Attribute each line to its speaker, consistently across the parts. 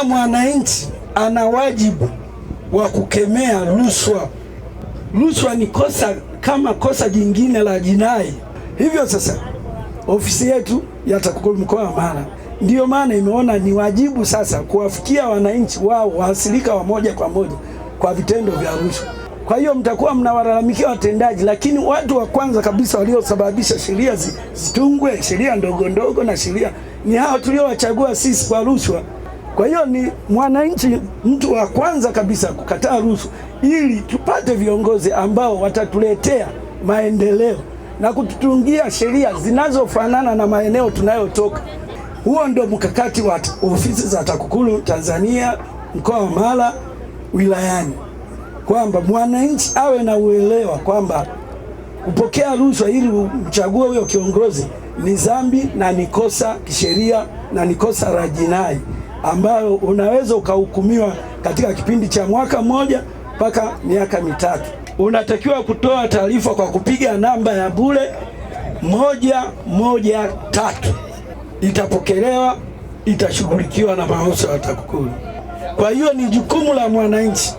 Speaker 1: Kila mwananchi ana wajibu wa kukemea rushwa. Rushwa ni kosa kama kosa jingine la jinai. Hivyo sasa, ofisi yetu ya TAKUKURU mkoa wa Mara ndiyo maana imeona ni wajibu sasa kuwafikia wananchi wao waasilika wa moja kwa moja kwa vitendo vya rushwa. Kwa hiyo mtakuwa mnawalalamikia watendaji, lakini watu wa kwanza kabisa waliosababisha sheria zitungwe, sheria ndogo ndogo na sheria ni hao tuliowachagua sisi kwa rushwa. Kwa hiyo ni mwananchi mtu wa kwanza kabisa kukataa rushwa, ili tupate viongozi ambao watatuletea maendeleo na kututungia sheria zinazofanana na maeneo tunayotoka. Huo ndio mkakati wa ofisi za TAKUKURU Tanzania mkoa wa Mara wilayani, kwamba mwananchi awe na uelewa kwamba kupokea rushwa ili mchague huyo kiongozi ni dhambi na ni kosa kisheria na ni kosa la jinai ambayo unaweza ukahukumiwa katika kipindi cha mwaka mmoja mpaka miaka mitatu. Unatakiwa kutoa taarifa kwa kupiga namba ya bure moja moja tatu, itapokelewa, itashughulikiwa na maafisa wa TAKUKURU. Kwa hiyo ni jukumu la mwananchi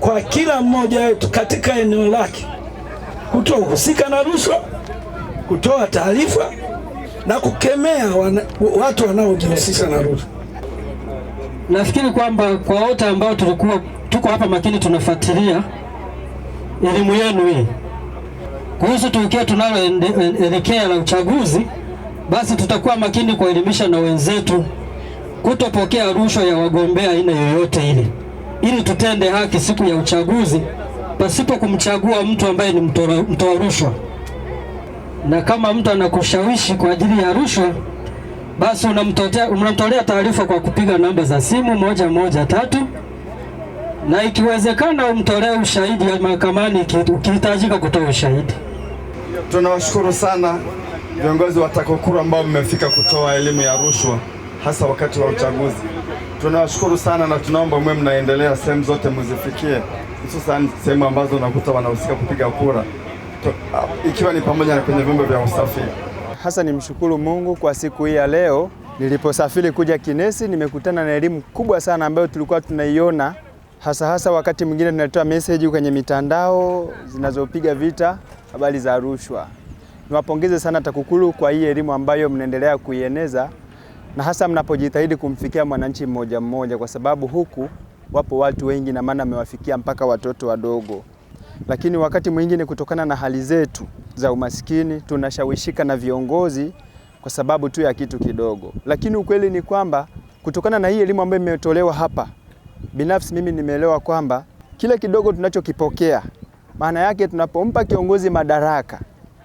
Speaker 1: kwa kila mmoja wetu katika eneo lake kutohusika na rushwa, kutoa taarifa na kukemea wana, watu wanaojihusisha na rushwa
Speaker 2: nafikiri kwamba kwa wote ambao tulikuwa tuko hapa makini tunafuatilia elimu yenu hii kuhusu tukio tunaloelekea la uchaguzi, basi tutakuwa makini kuelimisha na wenzetu kutopokea rushwa ya wagombea aina yoyote ile, ili tutende haki siku ya uchaguzi pasipo kumchagua mtu ambaye ni mtoa rushwa. Na kama mtu anakushawishi kwa ajili ya rushwa basi unamtolea taarifa kwa kupiga namba za simu moja moja tatu na ikiwezekana umtolee ushahidi ya mahakamani ukihitajika kutoa ushahidi.
Speaker 3: Tunawashukuru sana viongozi wa TAKUKURU ambao mmefika kutoa elimu ya rushwa hasa wakati wa uchaguzi. Tunawashukuru sana na tunaomba mwe mnaendelea sehemu zote muzifikie, hususan sehemu ambazo unakuta wanahusika kupiga kura, ikiwa ni pamoja na kwenye vyombo vya usafiri
Speaker 4: hasa nimshukuru Mungu kwa siku hii ya leo. Niliposafiri kuja Kinesi, nimekutana na elimu kubwa sana ambayo tulikuwa tunaiona, hasa hasa wakati mwingine tunatoa message kwenye mitandao zinazopiga vita habari za rushwa. Niwapongeze sana TAKUKURU kwa hii elimu ambayo mnaendelea kuieneza na hasa mnapojitahidi kumfikia mwananchi mmoja mmoja, kwa sababu huku wapo watu wengi na maana mmewafikia mpaka watoto wadogo, lakini wakati mwingine kutokana na hali zetu za umaskini, tunashawishika na viongozi kwa sababu tu ya kitu kidogo. Lakini ukweli ni kwamba kutokana na hii elimu ambayo imetolewa hapa, binafsi mimi nimeelewa kwamba kile kidogo tunachokipokea, maana yake tunapompa kiongozi madaraka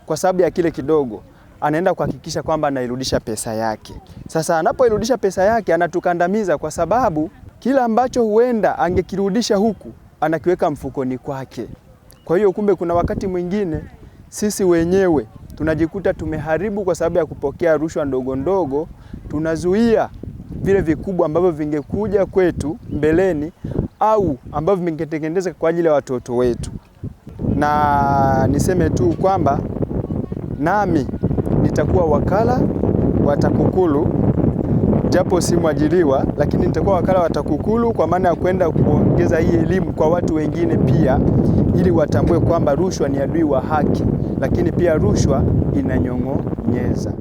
Speaker 4: kwa sababu ya kile kidogo anaenda kuhakikisha kwamba anairudisha pesa yake. Sasa anapoirudisha pesa yake anatukandamiza, kwa sababu kila ambacho huenda angekirudisha huku anakiweka mfukoni kwake. Kwa hiyo kumbe, kuna wakati mwingine sisi wenyewe tunajikuta tumeharibu kwa sababu ya kupokea rushwa ndogo ndogo. Tunazuia vile vikubwa ambavyo vingekuja kwetu mbeleni au ambavyo vingetengeneza kwa ajili ya watoto wetu. Na niseme tu kwamba nami nitakuwa wakala wa TAKUKURU japo si mwajiriwa, lakini nitakuwa wakala wa TAKUKURU kwa maana ya kwenda kuongeza hii elimu kwa watu wengine pia, ili watambue kwamba rushwa ni adui wa haki, lakini pia rushwa inanyong'onyeza.